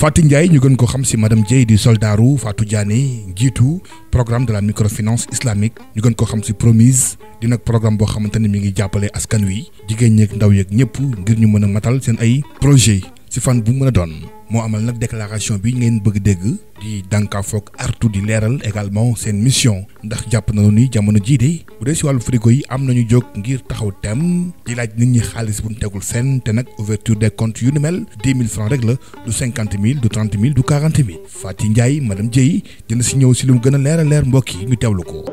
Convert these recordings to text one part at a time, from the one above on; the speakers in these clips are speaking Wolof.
Fatou njaay ñu gën ko xam ci madame Dieye di soldaaru Fatou Diané njiitu programme de la microfinance islamique ñu gën ko xam ci promise dina nag boo xamante ni mi ngi jàppale askan wi jigéen ñeeg ndaw yeeg ñëpp ngir ñu mën a matal seen ay projet ci fan bu mën a doon moo amal nag déclaration bi ngeen bëgg dégg di danka foog artu di leeral également seen mission ndax jàpp na ni jamono jii de bu dee si wàllu frigo yi am na ñu jóg ngir taxaw tem di laaj nit ñi xaalis bu ñu tegul fenn te nag ouverture des comptes yu ni mel dix mille francs rek la du cinquante mille du trente mille du quarante mille Faty Ndiaye madame Dieye dina si ñëw si lu mu gën a leer a leer mbokk yi ñu teewlu ko.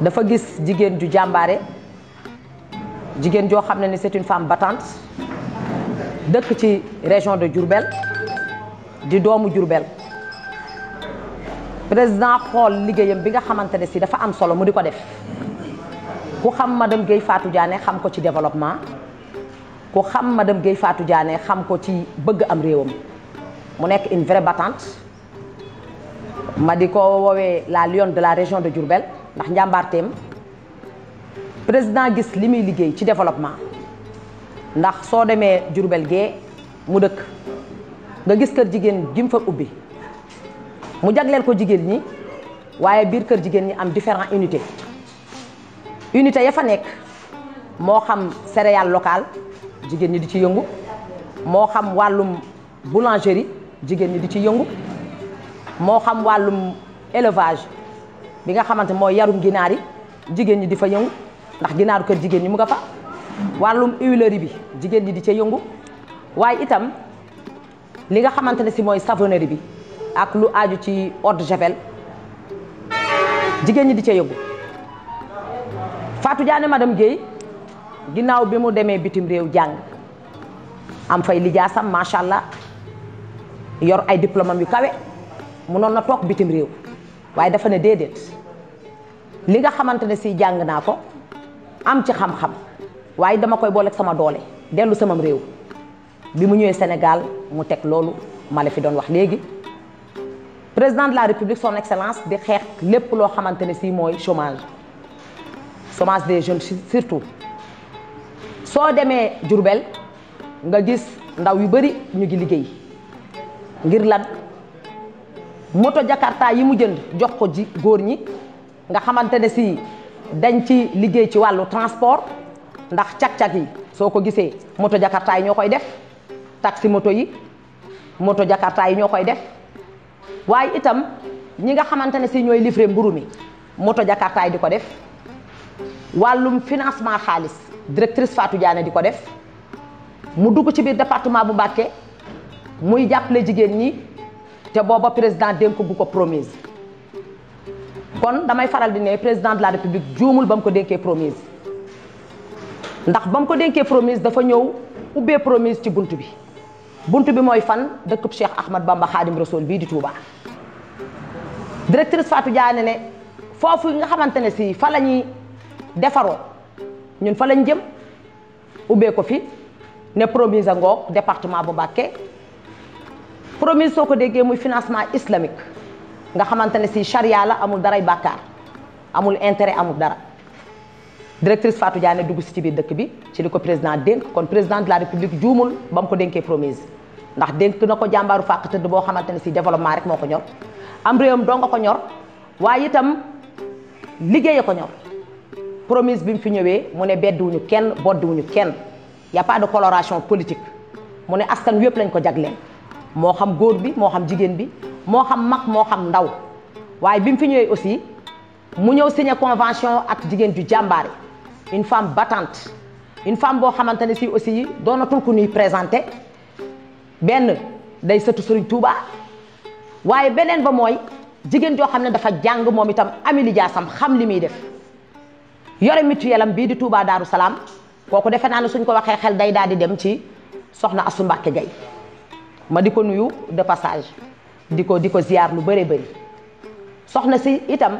dafa gis jigéen ju jàmbaare jigéen joo xam ne ni c'est femme battante. dëkk ci région de Diourbel di doomu Diourbel président xool liggéeyam bi nga xamante ne si dafa am solo mu di ko def ku xam madame Guèye Fatou Diané xam ko ci développement ku xam madame Guèye Fatou Diané xam ko ci bëgg am réewam mu nekk une vraie battante ma di ko woowee la lionne de la région de Diourbel ndax njàmbaarteem président gis li muy liggéey ci développement ndax soo demee Jurbel gee mu dëkk nga gis kër jigéen gi fa ubbi mu jagleel ko jigéen ñi waaye biir kër jigéen ñi am différent unité unité ya fa nekk moo xam céréale local jigéen ñi di ci yëngu moo xam wàllum boulangerie jigéen ñi di ci yëngu moo xam wàllum élevage bi nga xamante mooy yarum ginaar yi jigéen ñi di fa yëngu ndax ginaaru kër jigéen ñi mu nga fa wàllum huilerie bi jigéen ñi di ca yëngu waaye itam li nga xamante ne si mooy savonnerie bi ak lu aaju ci eau jigéen ñi di ca yëngu Fatou Diané madame Guèye ginnaaw bi mu demee bitim réew jàng am fay lijaasam macha allah yor ay diplôme yu kawe munoon na toog bitim réew waaye dafa ne déedéet li nga xamante ne si jàng naa ko am ci xam-xam. waaye dama koy booleeg sama doole dellu samam réew bi mu ñëwee Sénégal mu teg loolu ma la fi doon wax léegi président de la république son excellence di xeex lépp loo xamante ne si mooy chômage chômage des jeunes surtout soo demee Jurbel nga gis ndaw yu bëri ñu ngi liggéey ngir lan moto jakarta yi mu jënd jox ko ji góor ñi nga xamante ne si dañ ci liggéey ci wàllu transport ndax cag-cag yi soo ko gisee moto jakarta yi ñoo koy def taxi moto yi moto jakarta yi ñoo koy def waaye itam ñi nga xamante ne si ñooy livré mburu mi moto jakarta yi di ko def wàllum financement xaalis directrice Fatou Diané di ko def mu dugg ci biir département bu Mbacké muy jàppale jigéen ñi te booba président dénk bu ko promise kon damay faral di ne président de la république juumul ba mu ko dénkee promise ndax bam ko dénkee promise dafa ñëw ubbee promise ci bunt bi bunt bi mooy fan dëkkub Cheikh Ahmad Bamba Xaadim Rasool bii di Touba directrice Fatou Diané ne foofu nga xamante ne si fa la ñuy defaroo ñun fa lañ jëm ubbee ko fi ne promise a ngoog département bu Mbacké promise soo ko déggee muy financement islamique nga xamante ne si charia la amul daray bàkkaar amul intérêt amul dara directrice Fatou Diané dugg si ci biir dëkk bi ci li ko président dénk kon président de la république juumul ba ko denkee promise ndax dénk na ko jàmbaaru fàq tëdd boo xamante ne si développement rek moo ko ñor am réewam doo nga ko ñor waaye itam liggéeye ko ñor promise bi mu fi ñëwee mu ne bedduwuñu kenn bodduwuñu kenn y a pas de coloration politique mu ne askan wépp lañ ko jagleen moo xam góor bi moo xam jigéen bi moo xam mag moo xam ndaw waaye bi fi ñëwee aussi mu ñëw signé convention ak jigéen ju jàmbaare une femme battante une femme boo xamante ne si aussi yi doonatul ku nuy présenté benn day sëtu Serigne Touba waaye beneen ba mooy jigéen joo xam ne dafa jàng moom itam ami sam xam li muy def yore mutuel am bii di Touba Daaru Salaam kooku defe naa ne suñ ko waxee xel day daal di dem ci soxna Astou Mbacké Gaye ma di ko nuyu de passage di ko di ko ziar lu bëree bari soxna si itam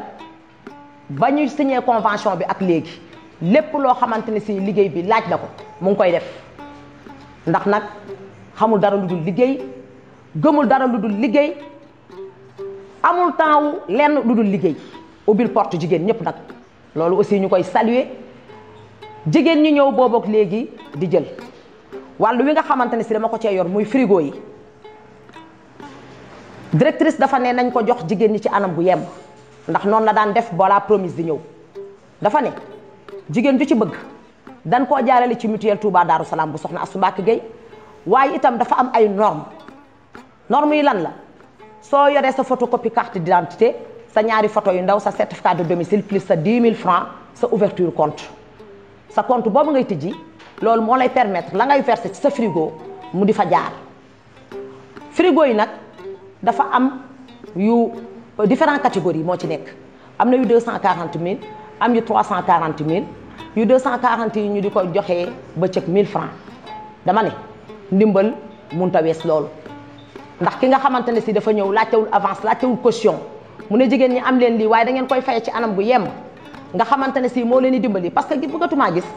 ba ñuy signé convention bi ak léegi lépp loo xamante ne si liggéey bi laaj la ko mu ngi koy def ndax nag xamul dara lu dul liggéey gëmul dara lu dul liggéey amul temps lenn lu dul liggéey ubbil porte jigéen ñëpp nag loolu aussi ñu koy saluer jigéen ñi ñëw boobook léegi di jël wàllu wi nga xamante ne si dama ko cee yor muy frigo yi directrice dafa ne nañ ko jox jigéen ñi ci anam bu yem ndax noonu la daan def balaa promise di ñëw dafa ne jigéen ju ci bëgg dan koo jaarale ci mutuelle Touba Darou Salaam bu soxna Astou Mbacké Gueye waaye itam dafa am ay norme norme yi lan la soo yoree sa photocopie carte d'identité sa ñaari photo yu ndaw sa certificat de domicile plus sa 10 000 francs sa ouverture compte sa compte boobu ngay tijji loolu moo lay permettre la ngay verser ci sa frigo mu di fa jaar frigo yi nag dafa am yu euh, différents catégories moo ci nekk am na yu 240 000 am yu 340 000 yu cent 240 yu ñu di ko joxee ba cëg 1000 francs dama ne ndimbal munta wees loolu ndax ki nga xamante si dafa ñëw laajtewul avance laajtewul caution mu ne jigéen ñi am leen lii waaye da ngeen koy faye ci anam bu yem nga xamante ne si moo leen di dimbali parce que bëggatumaa gis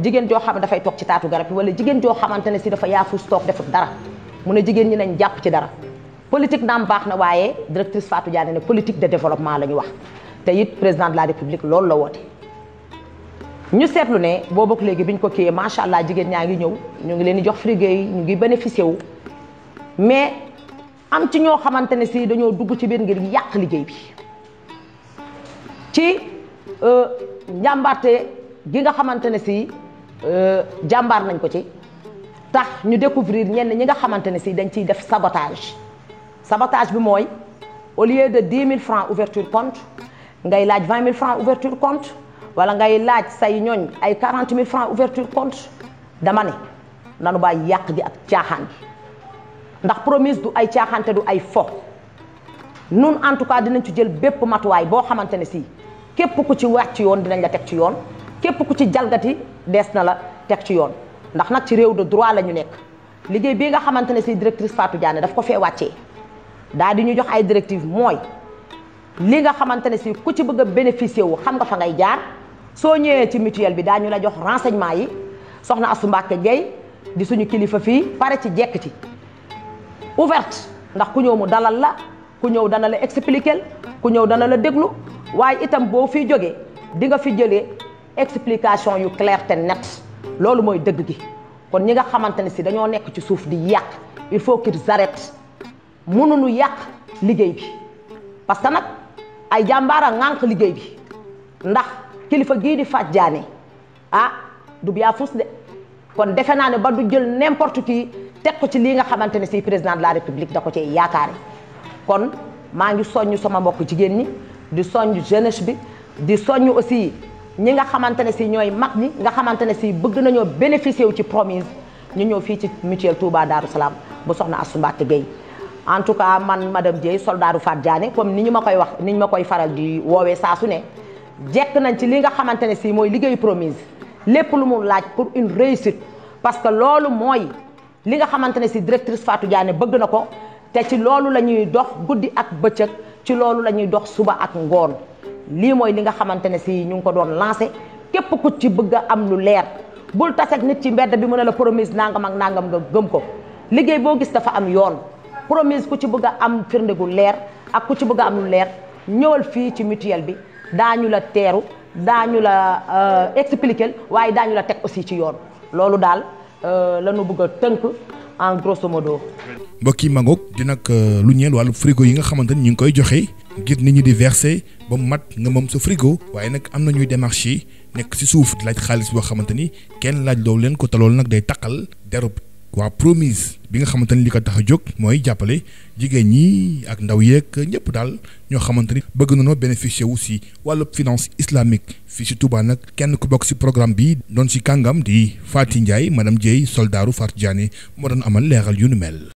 jigéen joo xam ne dafay toog ci taatu garab yi wala jigéen joo xamante ne si dafa yaafus toog defut dara mu ne jigéen ñi nañ jàpp ci dara politique naam baax na waaye directrice Fatou Diané ne politique de développement la ñu wax te it la république loolu la woote ñu seetlu ne boobu ak léegi biñ ko kiiyee macha allah jigéen ñaa ngi ñëw ñu ngi leen di jox frigo yi ñu ngi bénéficié wu mais am ci ñoo xamante ne si dañoo dugg ci biir ngir yàq liggéey bi ci euh, njàmbaarte gi nga xamante ne si euh, jàmbaar nañ ko ci tax ñu découvrir ñenn ñi nga xamante ne si dañ ciy def sabotage sabotage bi mooy au lieu de 10 mille francs ouverture compte ngay laaj 20 000 francs ouverture compte wala ngay laaj say ñooñ ay 40 000 francs ouverture compte dama ne nanu bàyyi yàq gi ak caaxaan ndax promise du ay caaxaan du ay fo nun en tout dinañ ci jël bépp matuwaay boo xamante ne si képp ku ci wàcc yoon dinañ la teg ci yoon képp ku ci jalgati dees na la teg ci yoon ndax nag ci réew de droit la ñu nekk liggéey bii nga xamante ne si directrice Fatou Diané daf ko fee wàccee daal di ñu jox ay directive mooy li nga xamante ne si ku ci bëgg a bénéficier wu xam nga fa ngay jaar soo ñëwee ci mutuelle bi ñu la jox renseignement yi soxna Astou Mbacké Gueye di suñu kilifa fii pare ci jekk ci ouverte ndax ku ñëw mu dalal la ku ñëw dana la expliquer ku ñëw dana la déglu waaye itam boo fi jógee di nga fi jëlee explication yu clair te net loolu mooy dëgg gi kon ñi nga xamante ne si dañoo nekk ci suuf di yàq il faut qu'ils arrêtent mënuñu yàq liggéey bi parce que nag ay jàmbaara ŋànk liggéey bi kilifa gii di Fatou Diané ah du yaa fus de kon defe naa ne ba du jël n'importe qui teg ko ci lii nga xamante ne si président de la république da ko ci yaakaare kon maa ngi soññ sama mbokk jigéen ñi di soññ jeunesse bi di soññ aussi ñi nga xamante ne si ñooy mag ñi nga xamante ne si bëgg nañoo bénéficier wu ci promise ñu ñëw fii ci mutuel Touba Darou Salaam bu soxna Astou Mbacké Gueye en tout cas man madame Dieye soldaaru Fatou Diané comme ni ñu ma koy wax ni ma koy faral di woowee saa su ne jekk nañ ci li nga xamante ne si mooy liggéeyu promise lépp lu mu laaj pour une réussite parce que loolu mooy li nga xamante ne si directrice Fatou Diané bëgg na ko te ci loolu la ñuy dox guddi ak bëccëg ci loolu la ñuy dox suba ak ngoon lii mooy li nga xamante ne si ñu ngi ko doon lancé képp ku ci bëgg am lu leer bul taseeg nit ci mbedd bi mu ne la promise nangam ak nangam nga gëm ko liggéey boo gis dafa am yoon promise ku ci bëgg a am firnde gu leer ak ku ci bëgg a am lu leer ñëwal fii ci mutuelle bi daañu la teeru daañu la euh, expliquer waaye daañu la teg aussi ci yoon loolu daal euh, la ñu bëgg a tënk en grosso modo. mbokk yi Magog di nag euh, lu ñeel wàllu frigo yi nga xamante ni ñu ngi koy joxe ngir nit ñi di verser ba mu mat nga moom sa frigo waaye nag am na ñuy démarché nekk ci suuf di laaj xaalis boo xamante ni kenn laaj loolu leen ko talool nag day taqal derub waa promise bi nga xamante ni li ko tax a jóg mooy jàppale jigéen ñi ak ndaw yeeg ñëpp daal ñoo xamante ni bëgg nañoo bénéficier wu si wàllu finance islamique fii si Touba nag kenn ku bokk si programme bi doon si kàngam di Faty Ndiaye madame Dieye soldaaru Faty Diané moo doon amal leexal yu nu mel.